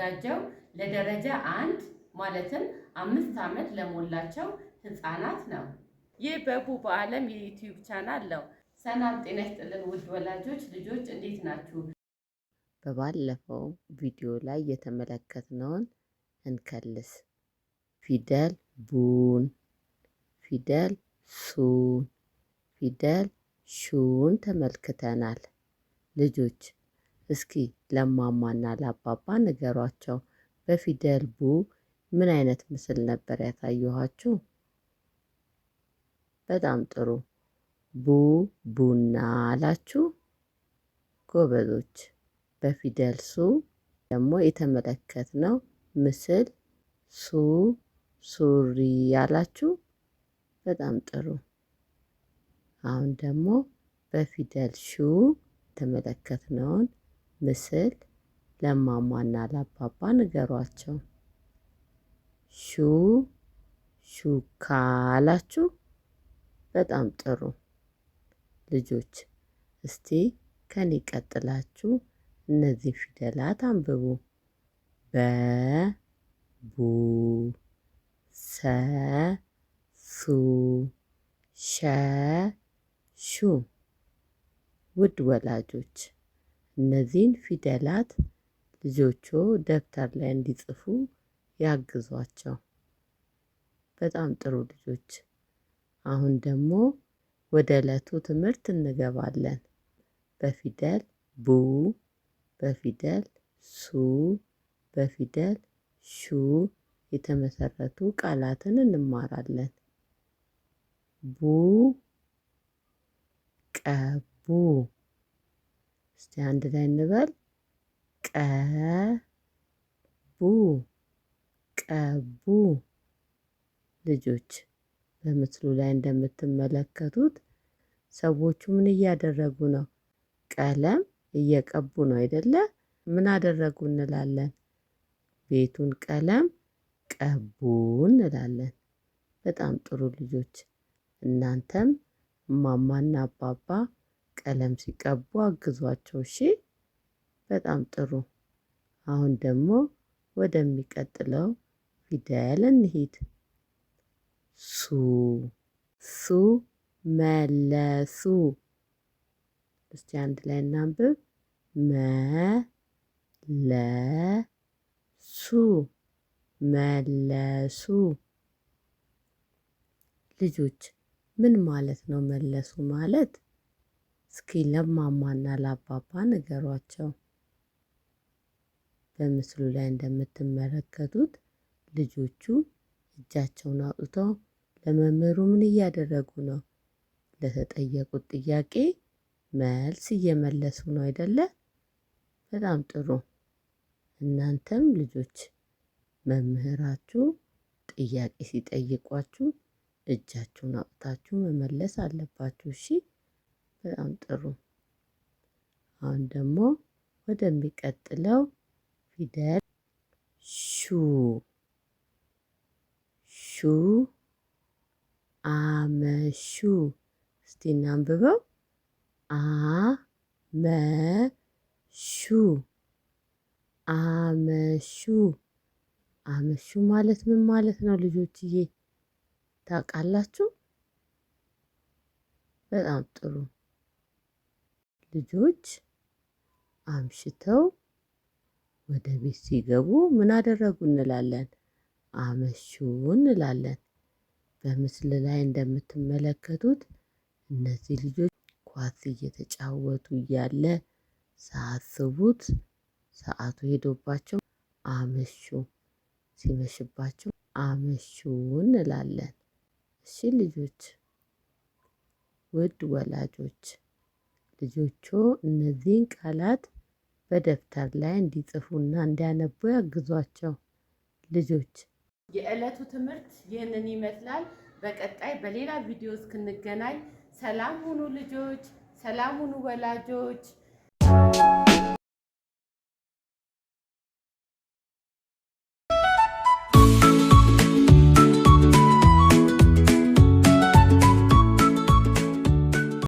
የተዘጋጀው ለደረጃ አንድ ማለትም አምስት ዓመት ለሞላቸው ህፃናት ነው። ይህ በቡ በዓለም የዩቲዩብ ቻናል ነው። ሰላም ጤና ይስጥልን ውድ ወላጆች፣ ልጆች እንዴት ናችሁ? በባለፈው ቪዲዮ ላይ የተመለከትነውን እንከልስ። ፊደል ቡን፣ ፊደል ሱን፣ ፊደል ሹን ተመልክተናል። ልጆች እስኪ ለማማና ለአባባ ንገሯቸው። በፊደል ቡ ምን አይነት ምስል ነበር ያሳየኋችሁ? በጣም ጥሩ። ቡ ቡና አላችሁ ጎበዞች። በፊደል ሱ ደግሞ የተመለከትነው ምስል ሱ ሱሪ ያላችሁ በጣም ጥሩ። አሁን ደግሞ በፊደል ሹ የተመለከትነውን ምስል ለማማና ለአባባ ንገሯቸው። ሹ ሹካ አላችሁ። በጣም ጥሩ ልጆች። እስቲ ከኔ ቀጥላችሁ እነዚህ ፊደላት አንብቡ። በ ቡ ሰ ሱ ሸ ሹ። ውድ ወላጆች እነዚህን ፊደላት ልጆቹ ደብተር ላይ እንዲጽፉ ያግዟቸው። በጣም ጥሩ ልጆች። አሁን ደግሞ ወደ ዕለቱ ትምህርት እንገባለን። በፊደል ቡ፣ በፊደል ሱ፣ በፊደል ሹ የተመሰረቱ ቃላትን እንማራለን። ቡ ቀቡ እስቲ አንድ ላይ እንበል። ቀቡ ቀቡ። ልጆች በምስሉ ላይ እንደምትመለከቱት ሰዎቹ ምን እያደረጉ ነው? ቀለም እየቀቡ ነው አይደለ? ምን አደረጉ እንላለን? ቤቱን ቀለም ቀቡ እንላለን። በጣም ጥሩ ልጆች። እናንተም እማማና አባባ ቀለም ሲቀቡ አግዟቸው። እሺ በጣም ጥሩ። አሁን ደግሞ ወደሚቀጥለው ፊደል እንሂድ። ሱ ሱ መለሱ። እስቲ አንድ ላይ እናንብብ። መለሱ መለሱ። ልጆች ምን ማለት ነው? መለሱ ማለት እስኪ ለማማና ለአባባ ንገሯቸው። በምስሉ ላይ እንደምትመለከቱት ልጆቹ እጃቸውን አውጥተው ለመምህሩ ምን እያደረጉ ነው? ለተጠየቁት ጥያቄ መልስ እየመለሱ ነው አይደለ? በጣም ጥሩ። እናንተም ልጆች መምህራችሁ ጥያቄ ሲጠይቋችሁ እጃችሁን አውጥታችሁ መመለስ አለባችሁ። እሺ። በጣም ጥሩ። አሁን ደግሞ ወደሚቀጥለው ፊደል ሹ ሹ አመሹ። እስቲ እናንብበው። አመሹ አመሹ አመሹ ማለት ምን ማለት ነው ልጆችዬ? ታውቃላችሁ? በጣም ጥሩ ልጆች አምሽተው ወደ ቤት ሲገቡ ምን አደረጉ እንላለን? አመሹ እንላለን። በምስል ላይ እንደምትመለከቱት እነዚህ ልጆች ኳስ እየተጫወቱ እያለ ሳያስቡት ሰዓቱ ሄዶባቸው አመሹ። ሲመሽባቸው አመሹ እንላለን። እሺ ልጆች፣ ውድ ወላጆች ልጆቹ እነዚህን ቃላት በደብተር ላይ እንዲጽፉና እንዲያነቡ ያግዟቸው። ልጆች የዕለቱ ትምህርት ይህንን ይመስላል። በቀጣይ በሌላ ቪዲዮ እስክንገናኝ ሰላም ሁኑ ልጆች፣ ሰላም ሁኑ ወላጆች።